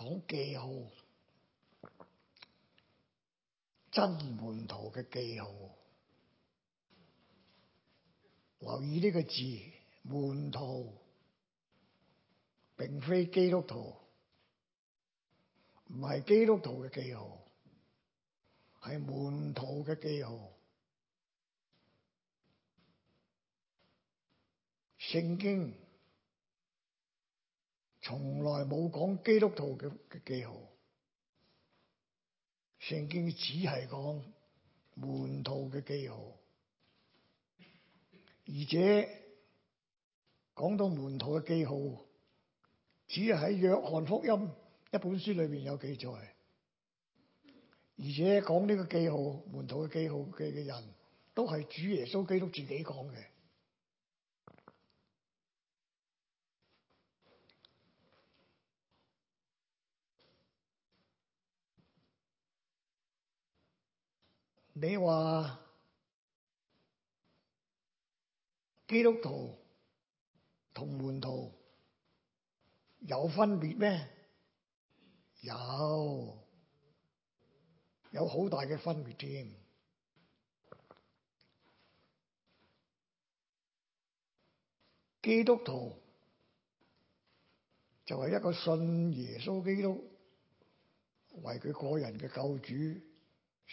講記號，真門徒嘅記號，留意呢個字，門徒，並非基督徒，唔係基督徒嘅記號，係門徒嘅記號，聖經。從來冇講基督徒嘅嘅記號，聖經只係講門徒嘅記號，而且講到門徒嘅記號，只係喺約翰福音一本書裏邊有記載，而且講呢個記號，門徒嘅記號嘅嘅人都係主耶穌基督自己講嘅。你話基督徒同門徒有分別咩？有，有好大嘅分別添。基督徒就係一個信耶穌基督，為佢個人嘅救主。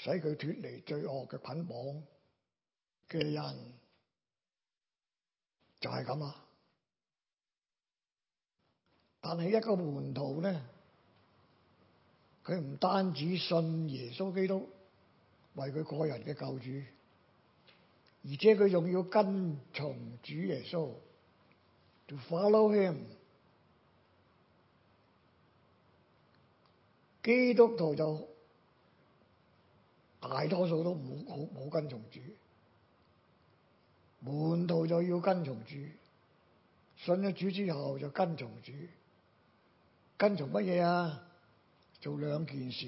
使佢脫離罪惡嘅捆綁嘅人就係咁啦。但係一個門徒咧，佢唔單止信耶穌基督為佢個人嘅救主，而且佢仲要跟從主耶穌，就 follow him。基督徒就。大多數都冇好冇跟從主，門徒就要跟從主，信咗主之後就跟從主，跟從乜嘢啊？做兩件事，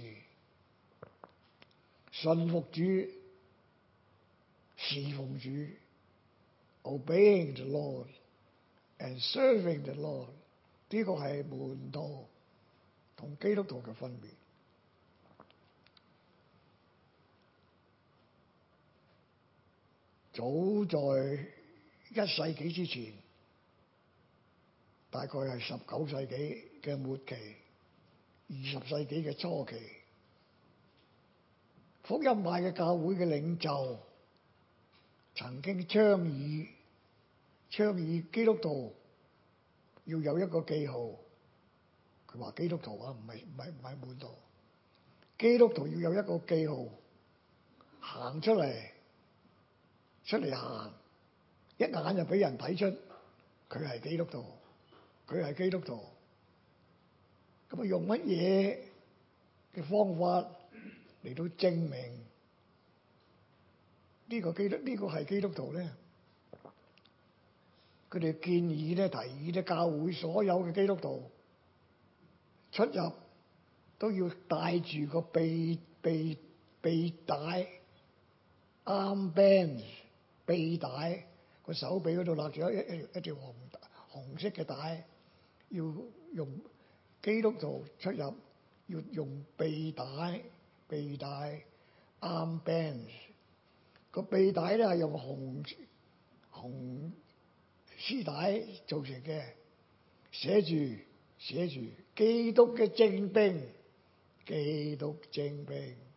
順服主，侍奉主，obeying the Lord and serving the Lord，呢個係門徒同基督徒嘅分別。早在一世紀之前，大概係十九世紀嘅末期，二十世紀嘅初期，福音派嘅教會嘅領袖曾經倡議倡議基督徒要有一個記號，佢話基督徒啊，唔係唔係唔係滿道，基督徒要有一個記號，行出嚟。出嚟行，一眼就俾人睇出佢係基督徒，佢係基督徒。咁啊，用乜嘢嘅方法嚟到證明呢、這個基督？呢、這個係基督徒咧？佢哋建議咧、提議咧，教會所有嘅基督徒出入都要帶住個臂臂臂帶 armband。臂帶個手臂度立住一一條紅紅色嘅帶，要用基督徒出入，要用臂帶，臂帶 arm bands。個臂帶咧係用紅紅絲帶做成嘅，寫住寫住基督嘅精兵，基督精兵。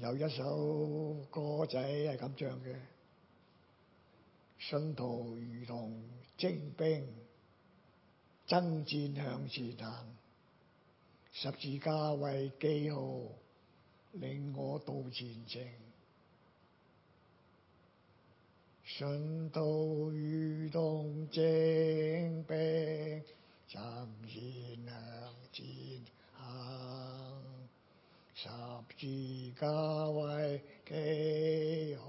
有一首歌仔係咁唱嘅：信徒如同精兵，爭戰向前行，十字架為記號，領我到前程。信徒如同精。下為記號，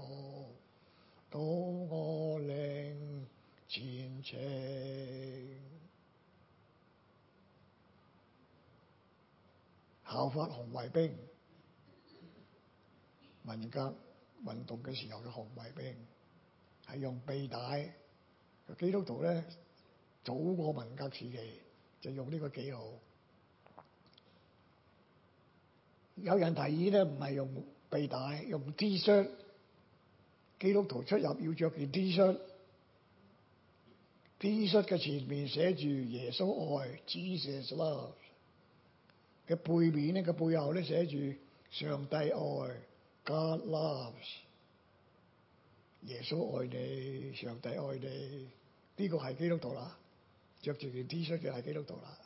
導我領前程。效法紅衛兵，文革運動嘅時候嘅紅衛兵係用臂帶。基督徒咧早過文革時期就用呢個記號。有人提議咧，唔係用背帶，用 T 恤。Shirt, 基督徒出入要着件 T 恤，T 恤嘅前面寫住耶穌愛 （Jesus loves），嘅背面呢，個背後咧寫住上帝愛 （God loves）。耶穌愛你，上帝愛你，呢、這個係基督徒啦。着住件 T 恤就係基督徒啦。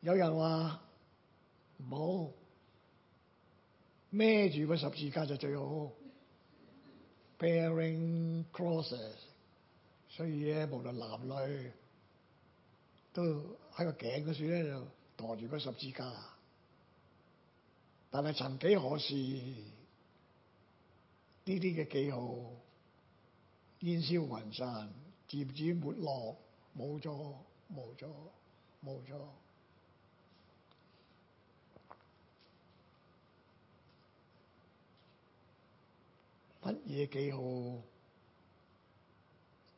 有人話。冇孭住個十字架就最好 ，bearing crosses。所以咧，無論男女都喺個頸嗰處咧就馱住個十字架。但係曾幾何時，呢啲嘅記號煙消雲散，漸漸沒落，冇咗，冇咗，冇咗。乜嘢記號？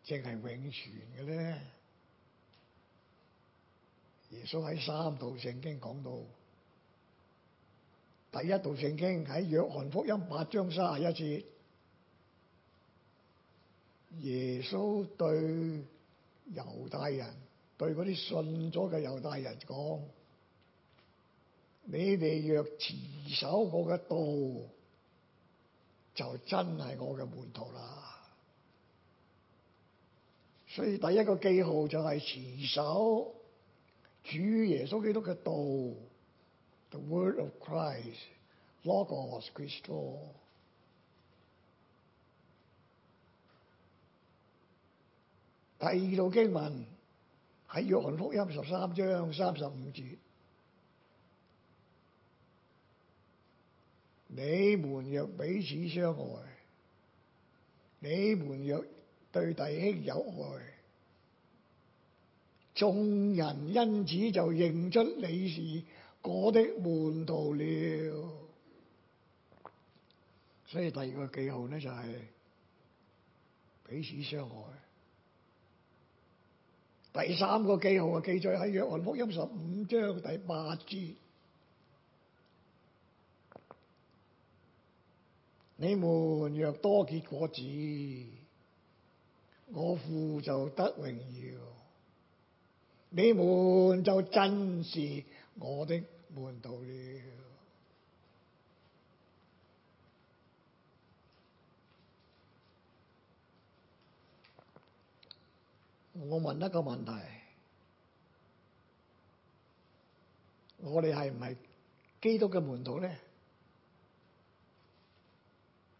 淨係永存嘅咧！耶穌喺三道聖經講到，第一道聖經喺約翰福音八章三十一節，耶穌對猶大人對嗰啲信咗嘅猶大人講：你哋若持守我嘅道。就真係我嘅門徒啦，所以第一個記號就係持守主耶穌基督嘅道，The Word of Christ, Logos Christo. 第二道經文係約翰福音十三章三十五節。你們若彼此相愛，你們若對弟兄有害，眾人因此就認出你是我的門徒了。所以第二個記號呢就係、是、彼此相愛。第三個記號啊，記載喺約翰福音十五章第八節。你們若多結果子，我父就得榮耀。你們就真是我的門徒了。我問一個問題，我哋係唔係基督嘅門徒咧？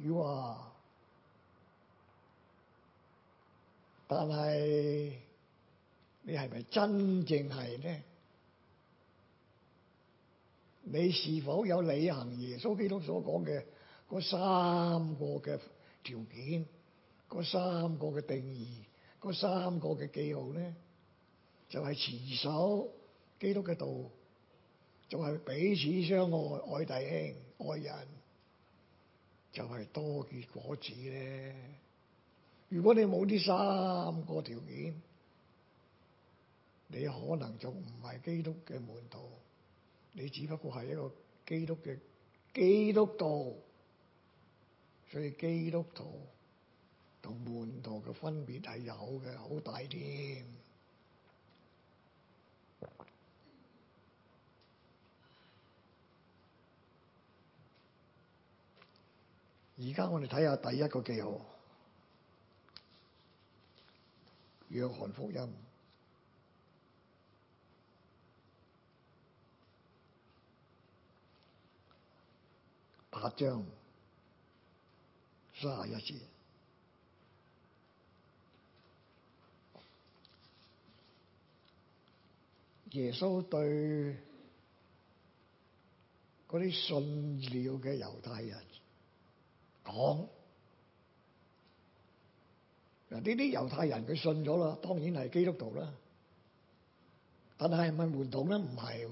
如果，但係你係咪真正係咧？你是否有履行耶穌基督所講嘅三個嘅條件、三個嘅定義、三個嘅記號咧？就係、是、持守基督嘅道，就係、是、彼此相愛、愛弟兄、愛人。就係多結果子咧。如果你冇呢三個條件，你可能就唔係基督嘅門徒，你只不過係一個基督嘅基督徒。所以基督徒同門徒嘅分別係有嘅，好大添。而家我哋睇下第一個記號，《約翰福音》八章卅一節，耶穌對嗰啲信了嘅猶太人。講嗱，呢啲猶太人佢信咗啦，當然係基督徒啦。但係係咪門徒咧？唔係喎，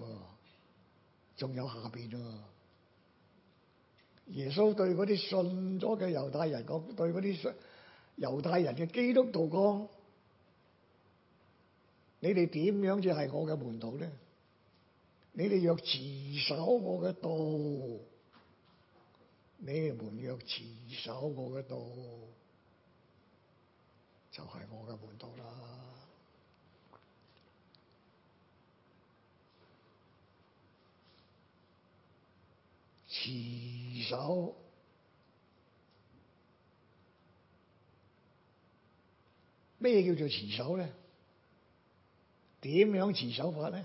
仲有下邊啊。耶穌對嗰啲信咗嘅猶太人講，對嗰啲猶太人嘅基督徒講：你哋點樣先係我嘅門徒咧？你哋若自守我嘅道。你哋門若持守我嘅道，就係、是、我嘅門道啦。持守咩叫做持守咧？點樣持守法咧？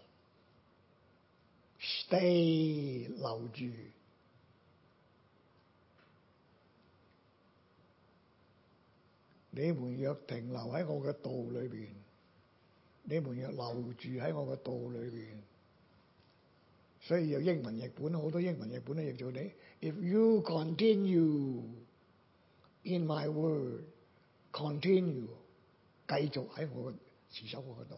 Stay, 留住，你們若停留喺我嘅道裏邊，你們若留住喺我嘅道裏邊，所以有英文譯本、譯本好多英文、譯本咧，譯做你。If you continue in my word, continue，繼續喺我嘅持守我嘅道。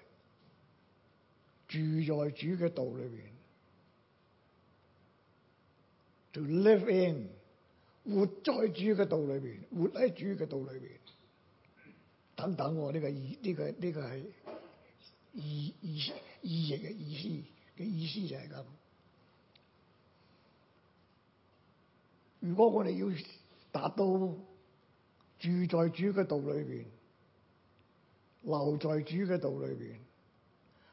住在主嘅道裏邊，to live in，活在主嘅道裏邊，活喺主嘅道裏邊，等等，哦。我、這、呢個、這個這個、意，呢個呢個係意意意譯嘅意思嘅意，意思就係咁。如果我哋要達到住在主嘅道裏邊，留在主嘅道裏邊。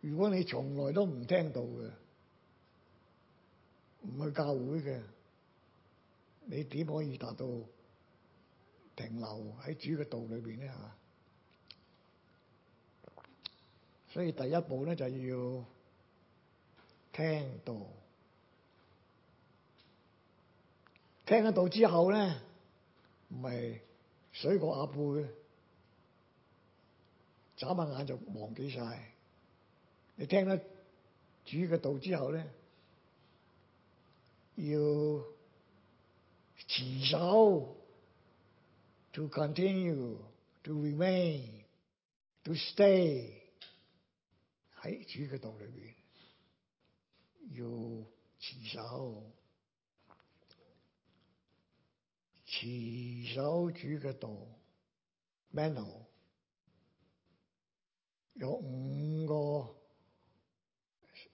如果你從來都唔聽道嘅，唔去教會嘅，你點可以達到停留喺主嘅道裏邊咧？吓，所以第一步咧就是，要聽道，聽得道之後咧，唔係水過鴨背，眨下眼就忘記晒。你聽得主嘅道之後呢，要持守，to continue，to remain，to stay，喺主嘅道裏面，要持守，持守主嘅道，meno 有五個。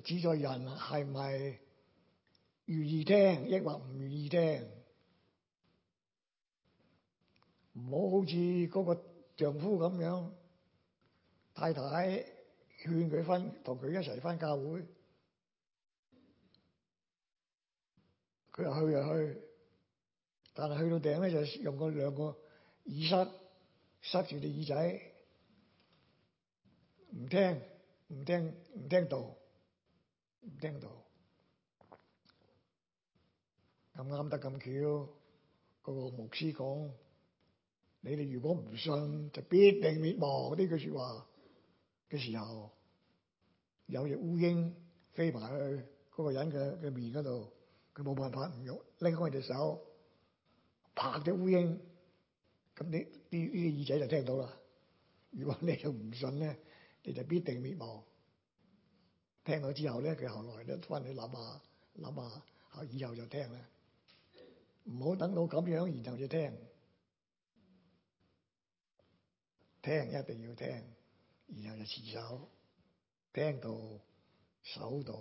指在人係咪願意聽，抑或唔願意聽？唔好好似嗰個丈夫咁樣，太太勸佢翻同佢一齊翻教會，佢又去又去，但係去到頂咧就用個兩個耳塞塞住隻耳仔，唔聽唔聽唔聽道。唔聽到咁啱得咁巧，嗰個牧師講：你哋如果唔信，就必定滅亡。呢句說話嘅時候，有隻烏蠅飛埋去嗰個人嘅嘅面嗰度，佢冇辦法唔用拎開隻手，拍隻烏蠅。咁啲呢個耳仔就聽到啦。如果你又唔信咧，你就必定滅亡。聽到之後呢，佢後來都返去諗下，諗下，以後就聽咧。唔好等到咁樣，然後就聽。聽一定要聽，然後就持守，聽道守道，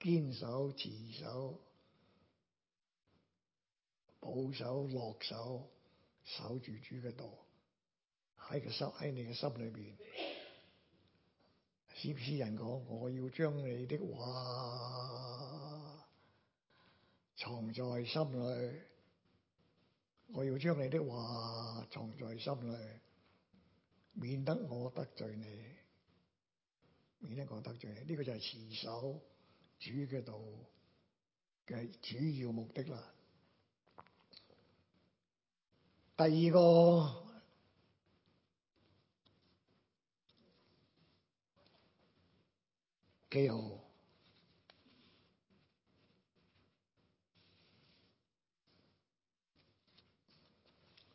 堅守持守，保守落守，守住主嘅道喺個心喺你嘅心裏面。詩人講：我要將你的話藏在心裏，我要將你的話藏在心裏，免得我得罪你，免得我得罪你。呢、這個就係持守主嘅道嘅主要目的啦。第二個。幾好，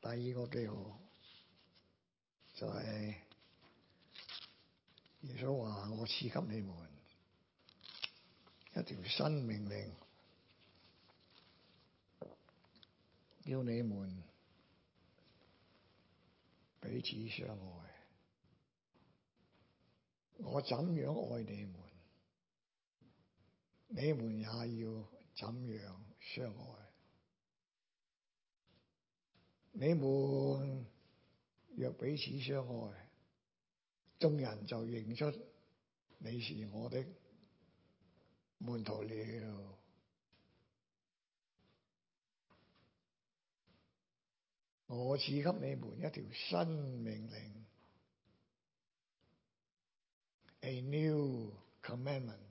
第二個記號，就係耶穌話：我賜給你們一條新命令，要你們彼此相愛。我怎樣愛你們？你們也要怎樣相愛。你們若彼此相愛，眾人就認出你是我的門徒了。我賜給你們一條新命令，A new commandment。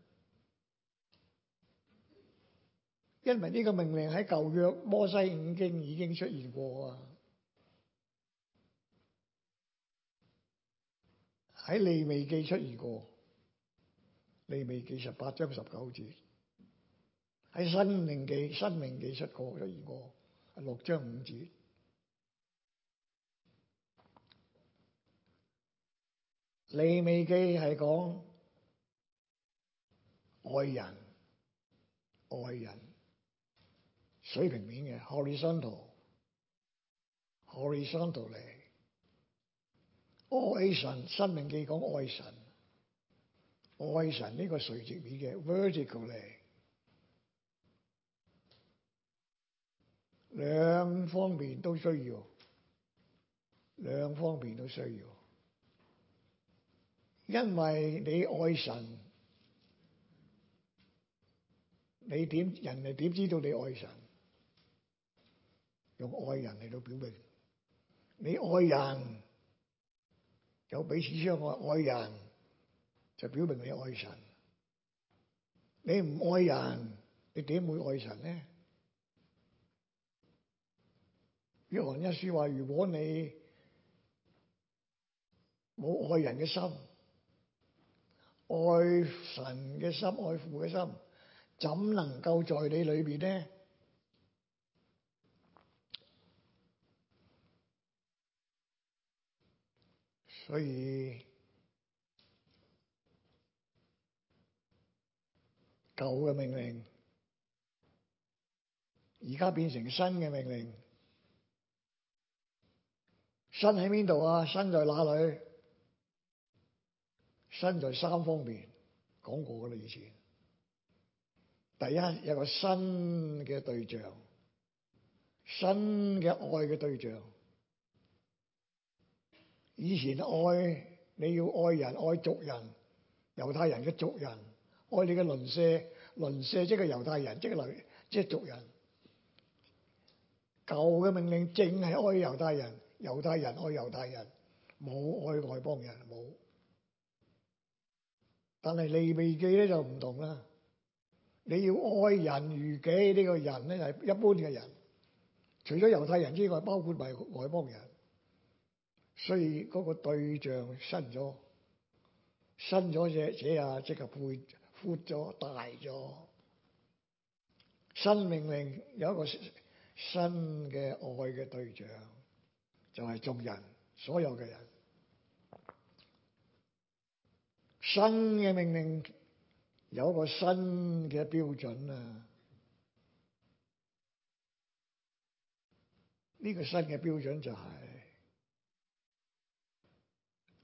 因為呢個命令喺舊約摩西五經已經出現過啊，喺利未記出現過，利未記十八章十九節，喺申命記申命記出現過又二個，六章五節，利未記係講愛人，愛人。水平面嘅 horizontal，horizontal 嚟，愛神生命嘅講愛神，愛神呢個垂直面嘅 vertical 嚟，兩方面都需要，兩方面都需要，因為你愛神，你點，人哋點知道你愛神？用愛人嚟到表明，你愛人有彼此相愛，愛人就表明你愛神。你唔愛人，你點會愛神呢？約翰一書話：「如果你冇愛人嘅心、愛神嘅心、愛父嘅心，怎能夠在你裏邊呢？」所以舊嘅命令，而家變成新嘅命令。新喺邊度啊？新在哪裏？新在三方面講過噶啦，以前。第一，有個新嘅對象，新嘅愛嘅對象。以前愛你要愛人愛族人，猶太人嘅族人愛你嘅鄰舍，鄰舍即係猶太人，即係鄰即係族人。舊嘅命令淨係愛猶太人，猶太人愛猶太人，冇愛外邦人冇。但係利未記咧就唔同啦，你要愛人如己呢個人咧係一般嘅人，除咗猶太人之外，包括埋外邦人。所以嗰個對象新咗，新咗隻隻啊，即係闊闊咗、大咗。新命令有一個新嘅愛嘅對象，就係、是、眾人，所有嘅人。新嘅命令有一個新嘅標準啊！呢、這個新嘅標準就係、是。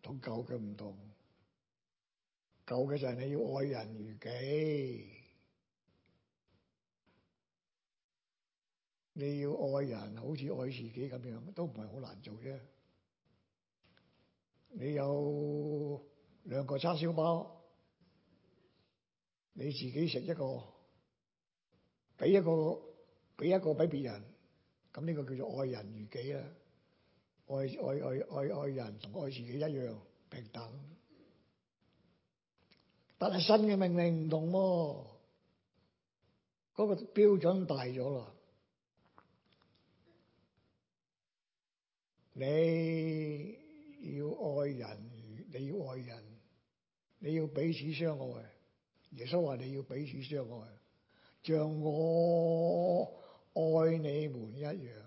好舊嘅唔同，舊嘅就係你要愛人如己，你要愛人好似愛自己咁樣，都唔係好難做啫。你有兩個叉燒包，你自己食一個，俾一個俾一個俾別人，咁呢個叫做愛人如己啦。愛愛愛愛愛人同愛自己一樣平等，但係新嘅命令唔同喎，嗰個標準大咗啦。你要愛人，你要愛人，你要彼此相愛。耶穌話你要彼此相愛，像我愛你們一樣。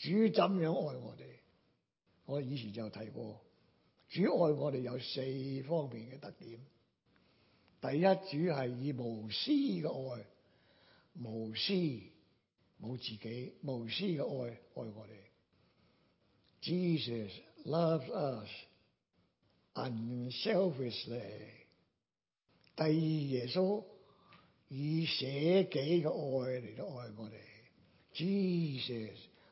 主怎樣愛我哋？我以前就有提過，主愛我哋有四方面嘅特點。第一，主係以無私嘅愛，無私冇自己，無私嘅愛愛我哋。Jesus loves us unselfishly。第二，耶穌以捨己嘅愛嚟到愛我哋。Jesus。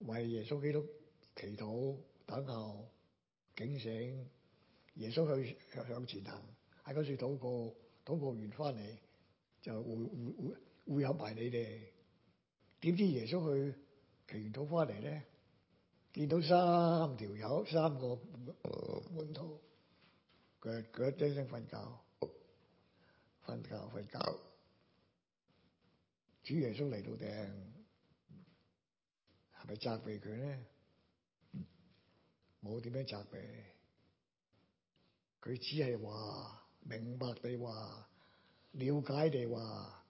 為耶穌基督祈禱、等候、警醒，耶穌去向前行，喺嗰處禱告，禱告完翻嚟就會會會會合埋你哋。點知耶穌去祈禱翻嚟咧，見到三條友，三個門徒，腳腳一聲瞓覺，瞓覺瞓覺，主耶穌嚟到頂。係責備佢咧，冇點樣責備？佢只係話明白地話，了解地話，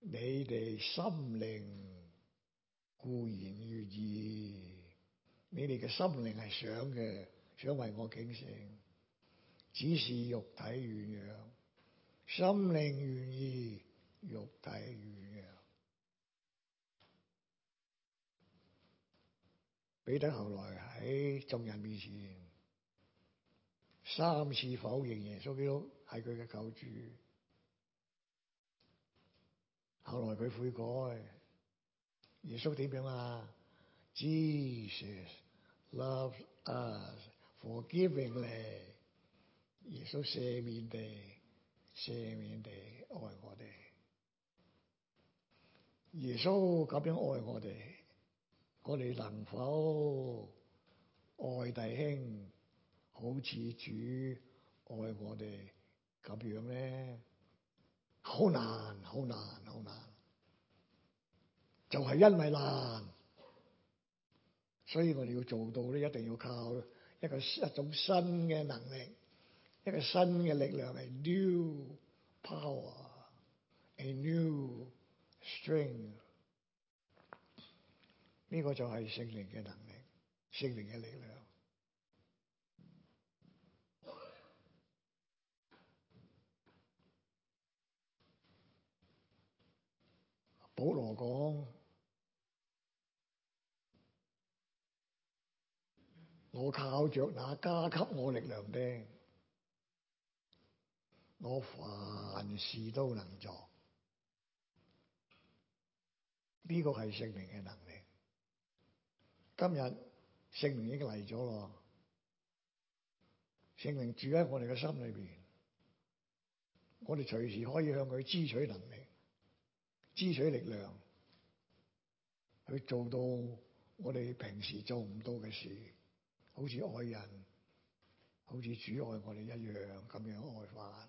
你哋心靈固然願意，你哋嘅心靈係想嘅，想為我警醒，只是肉體軟弱，心靈願意，肉體軟。彼得後來喺眾人面前三次否認耶穌基督係佢嘅救主，後來佢悔改。耶穌點樣啊？Jesus loves us forgivingly。耶穌赦免地赦免地愛我哋。耶穌咁樣愛我哋。我哋能否愛弟兄，好似主愛我哋咁樣咧？好難，好難，好難！就係因為難，所以我哋要做到咧，一定要靠一個一種新嘅能力，一個新嘅力量，係 new power，a new strength。呢個就係聖靈嘅能力，聖靈嘅力量。保羅講我靠着那加給我力量的，我凡事都能做。呢個係聖靈嘅能力。今日聖靈已經嚟咗咯，聖靈住喺我哋嘅心裏邊，我哋隨時可以向佢支取能力，支取力量，去做到我哋平時做唔到嘅事，好似愛人，好似主愛我哋一樣，咁樣愛法。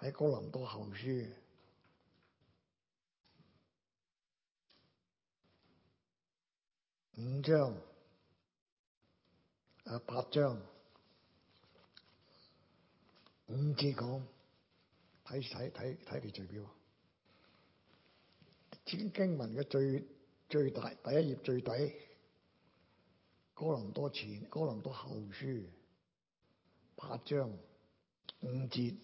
喺哥林多後書五章啊，八章五節講，睇睇睇睇你序表，整經文嘅最最大第一頁最底，哥林多前哥林多後書八章五節。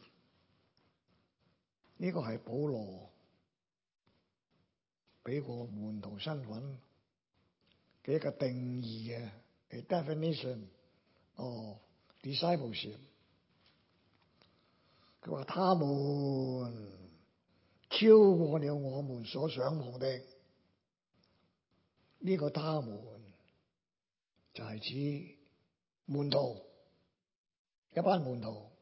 呢個係保羅俾個門徒身份嘅一個定義嘅，definition，of，discipleship。佢話他們超過了我們所想望的，呢、這個他們就係指門徒，一班門徒。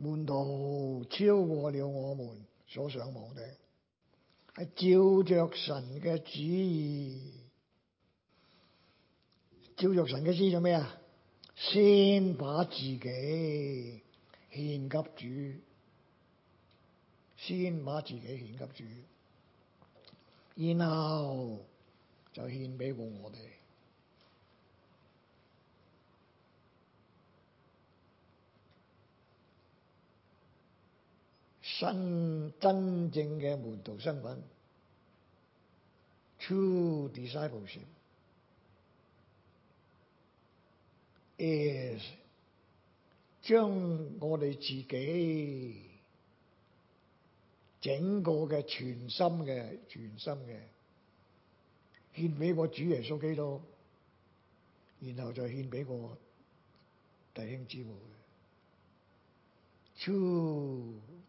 門徒超過了我們所想望的，係照着神嘅旨意，照着神嘅思想咩啊？先把自己獻給主，先把自己獻給主，然後就獻俾過我哋。真真正嘅門徒身份 True discipleship, is 將我哋自己整個嘅全心嘅全心嘅獻俾我主耶穌基督，然後再獻俾我弟兄姊妹。True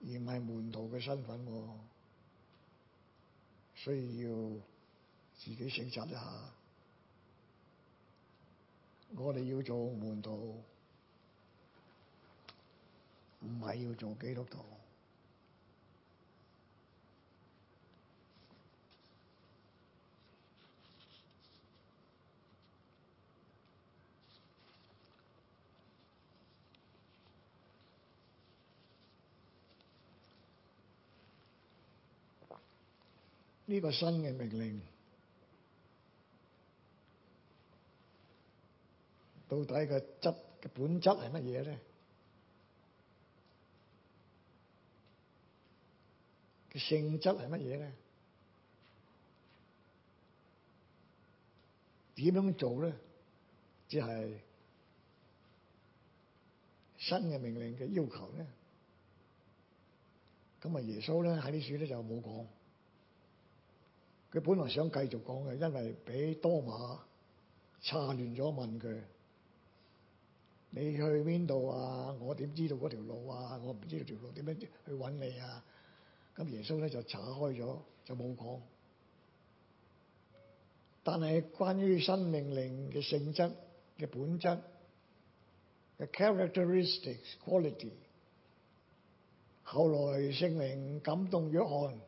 而唔係門徒嘅身份喎，需要自己醒察一下。我哋要做門徒，唔係要做基督徒。呢個新嘅命令到底個質個本質係乜嘢咧？嘅性質係乜嘢咧？點樣做咧？即係新嘅命令嘅要求咧？咁啊，耶穌咧喺呢處咧就冇講。佢本來想繼續講嘅，因為俾多馬岔亂咗，問佢：你去邊度啊？我點知道條路啊？我唔知道條路點樣去揾你啊！咁耶穌咧就岔開咗，就冇講。但係關於新命令嘅性質嘅本質嘅 characteristics quality，後來聖靈感動約翰。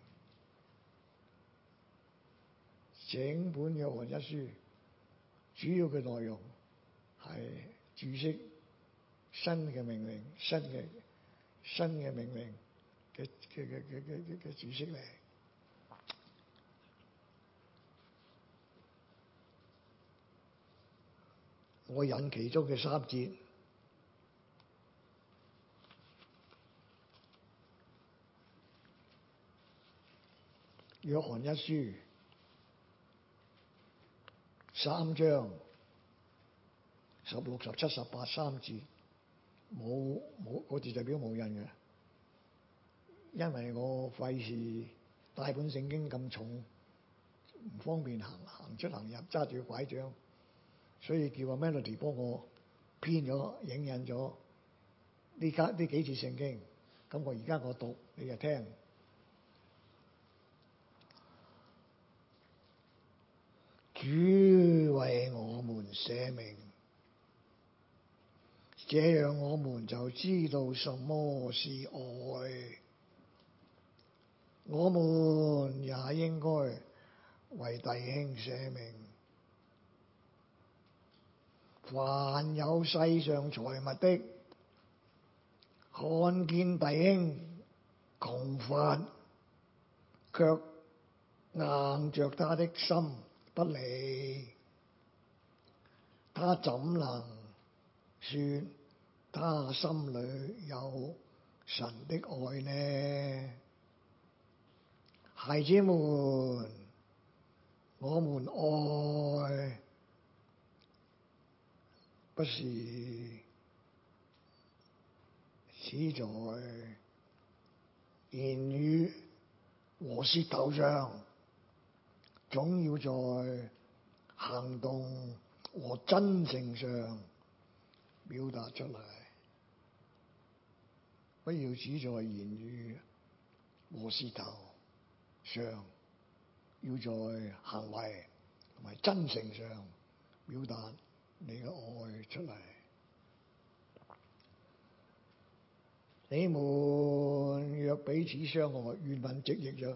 整本《約翰一書》主要嘅內容係注釋新嘅命令，新嘅新嘅命令嘅嘅嘅嘅嘅嘅注釋嚟。我引其中嘅三節《約翰一書》。三章十六、十七、十八三字，冇冇字就表冇印嘅，因為我費事帶本聖經咁重，唔方便行行出行入，揸住個拐杖，所以叫阿 Melody 幫我編咗影印咗呢家呢幾次聖經，咁我而家我讀，你就聽。主為我們捨命，這樣我們就知道什麼是愛。我們也應該為弟兄捨命。凡有世上財物的，看見弟兄窮乏，却硬着他的心。不理他，怎能說他心裡有神的愛呢？孩子們，我們愛不是只在言語和舌頭上。總要在行動和真誠上表達出嚟，不要只在言語和舌頭上，要在行為同埋真誠上表達你嘅愛出嚟。你們若彼此相愛，原文直譯咗。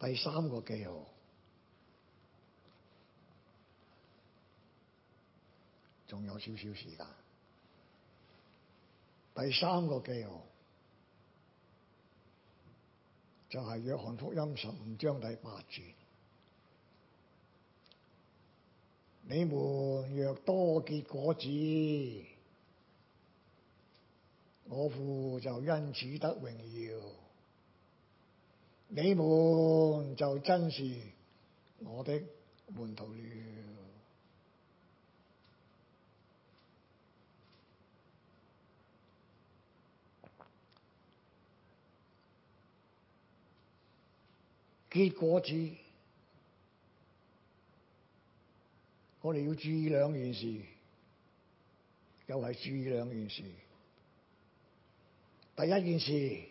第三個記號，仲有少少時間。第三個記號就係、是、約翰福音十五章第八節：你們若多結果子，我父就因此得榮耀。你們就真是我的門徒了。結果子，我哋要注意兩件事，又係注意兩件事。第一件事。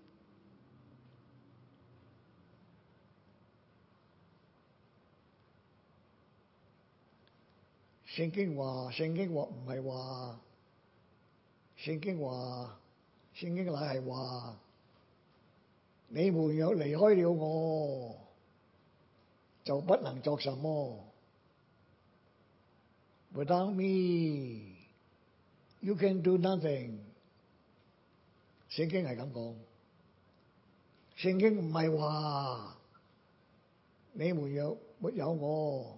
聖經話，聖經話唔係話，聖經話，聖經乃係話，你們若離開了我，就不能作什麼。Without me, you can do nothing。聖經係咁講，聖經唔係話，你們若沒有我。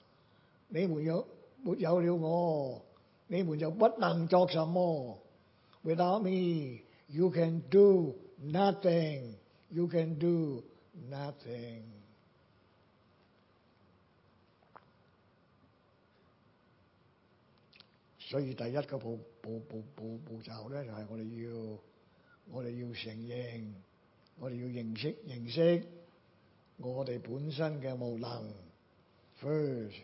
你們有沒有了我，你們就不能做什麼。Without me, you can do nothing. You can do nothing。所以第一個步步步，步步步驟咧，就係、是、我哋要我哋要承認，我哋要認識認識我哋本身嘅無能。First。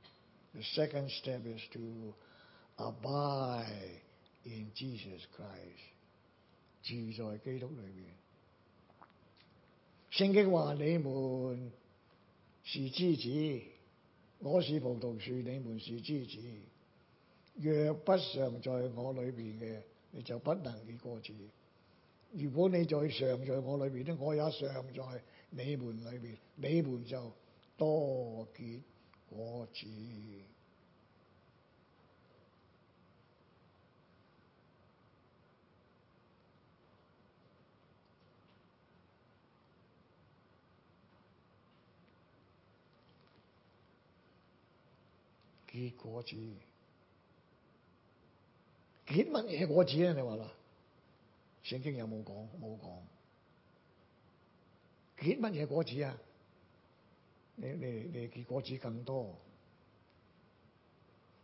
The second step is to abide in Jesus Christ，住在基督裏邊，聖經話，你們是枝子，我是葡萄樹，你們是枝子。若不常在我裏邊嘅，你就不能結果子。如果你再常在我裏邊咧，我也常在你們裏邊，你們就多結。果子，結果子，結乜嘢果子啊？你話啦，聖經有冇講？冇講，結乜嘢果子啊？你你你結果子更多，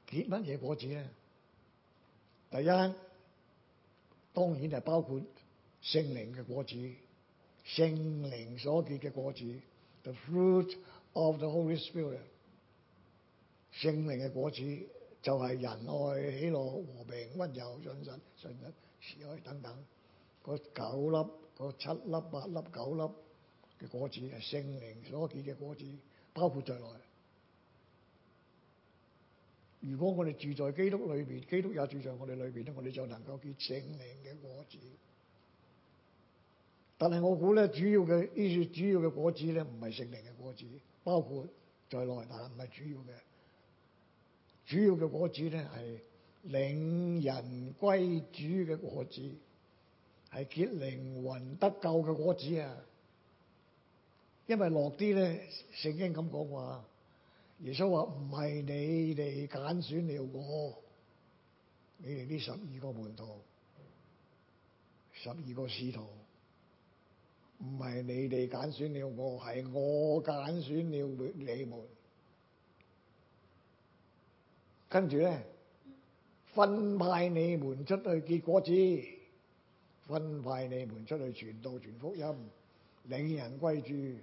結乜嘢果子咧？第一，當然係包括聖靈嘅果子，聖靈所結嘅果子，the fruit of the Holy Spirit。聖靈嘅果子就係仁愛、喜樂、和平、溫柔、信實、信實、慈愛等等，嗰九粒、嗰七粒、八粒、九粒。嘅果子係，聖靈所結嘅果子包括在內。如果我哋住在基督裏邊，基督也住在我哋裏邊咧，我哋就能夠結聖靈嘅果子。但係我估咧，主要嘅呢啲主要嘅果子咧，唔係聖靈嘅果子，包括在內，但係唔係主要嘅。主要嘅果子咧，係領人歸主嘅果子，係結靈魂得救嘅果子啊！因為落啲咧，聖經咁講話，耶穌話，唔係你哋揀選了我，你哋呢十二個門徒，十二個使徒，唔係你哋揀選了我，係我揀選了你們。跟住咧，分派你們出去結果子，分派你們出去傳道、傳福音，領人歸主。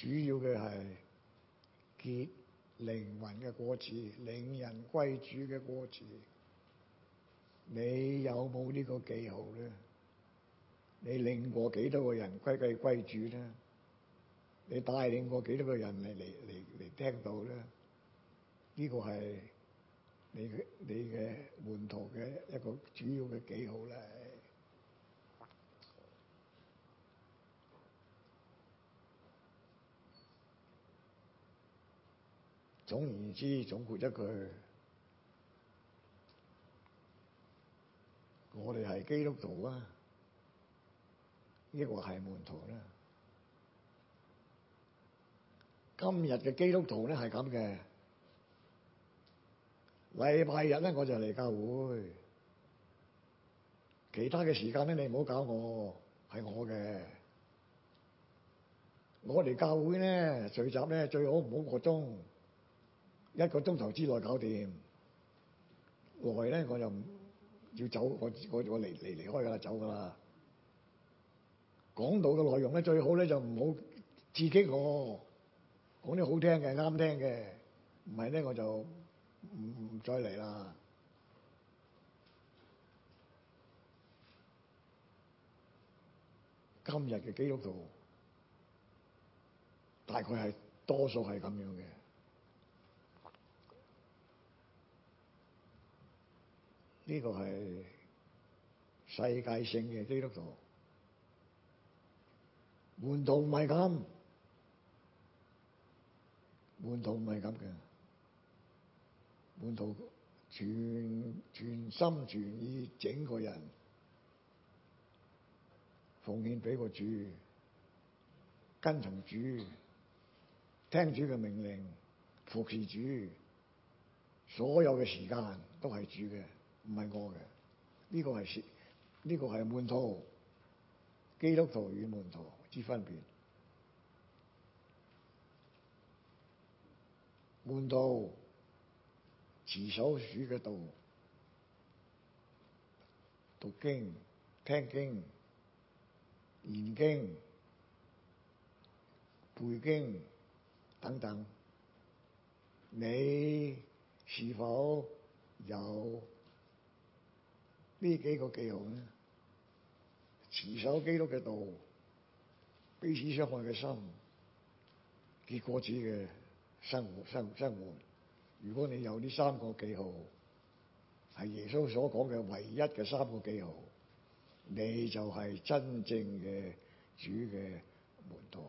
主要嘅係結靈魂嘅果子，令人歸主嘅果子。你有冇呢個記號咧？你領過幾多個人歸歸歸主咧？你帶領過幾多個人嚟嚟嚟嚟聽到咧？呢、這個係你嘅你嘅門徒嘅一個主要嘅記號啦。總言之，總括一句，我哋係基督徒啊，亦或係門徒啦。今日嘅基督徒咧係咁嘅，禮拜日咧我就嚟教會，其他嘅時間咧你唔好搞我，係我嘅。我嚟教會咧聚集咧最好唔好過鐘。一個鐘頭之內搞掂，耐咧我就要走，我我我離離離開噶啦，走噶啦。講到嘅內容咧，最好咧就唔好刺激我，講啲好聽嘅、啱聽嘅，唔係咧我就唔唔再嚟啦。今日嘅基督徒大概係多數係咁樣嘅。呢個係世界性嘅基督徒。門徒唔係咁，門徒唔係咁嘅，門徒全全心全意，整個人奉獻俾個主，跟從主，聽主嘅命令，服侍主，所有嘅時間都係主嘅。唔係我嘅，呢、這個係說，呢、這個係門徒，基督徒與門徒之分別。門徒持守主嘅道，讀經、聽經、研經、背經等等，你是否有？呢幾個記號咧，持守基督嘅道，彼此相愛嘅心，結果子嘅生活、生活生活，生活。如果你有呢三個記號，係耶穌所講嘅唯一嘅三個記號，你就係真正嘅主嘅門徒。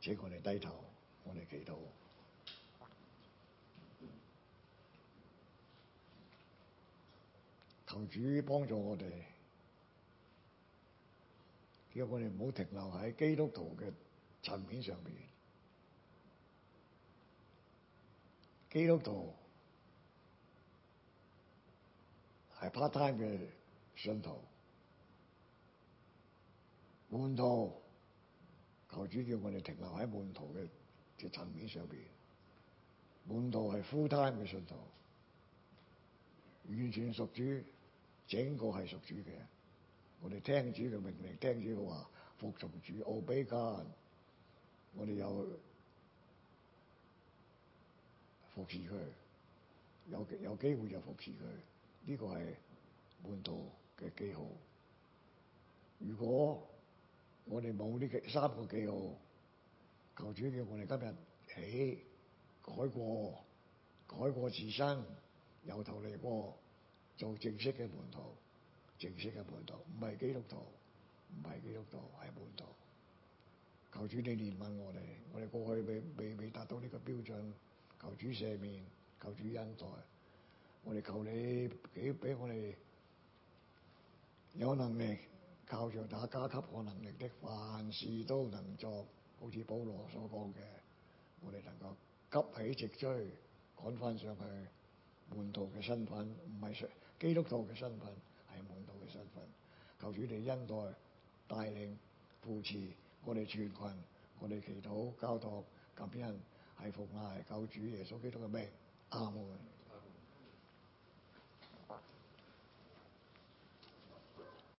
請我哋低頭，我哋祈禱。求主幫助我哋，叫我哋唔好停留喺基督徒嘅層面上面。基督徒係 part time 嘅信徒，門徒求主叫我哋停留喺門徒嘅嘅層面上面。門徒係 full time 嘅信徒，完全屬主。整個係屬主嘅，我哋聽主就明明聽主嘅話，服從主奧比亞，我哋有服侍佢，有有機會就服侍佢，呢、這個係門徒嘅記號。如果我哋冇呢三個記號，求主叫我哋今日起改過改過自新，由頭嚟過。做正式嘅門徒，正式嘅門徒，唔係基督徒，唔係基督徒，係門徒。求主你憐憫我哋，我哋過去未未未達到呢個標準。求主赦免，求主恩待。我哋求你俾俾我哋有能力，靠着那加給我能力的，凡事都能作，好似保羅所講嘅，我哋能夠急起直追，趕翻上去。門徒嘅身份唔係基督徒嘅身份係門徒嘅身份，求主你恩待、帶領扶持我哋全群，我哋祈禱交託、感恩，係奉亞、救主耶穌基督嘅名，阿門。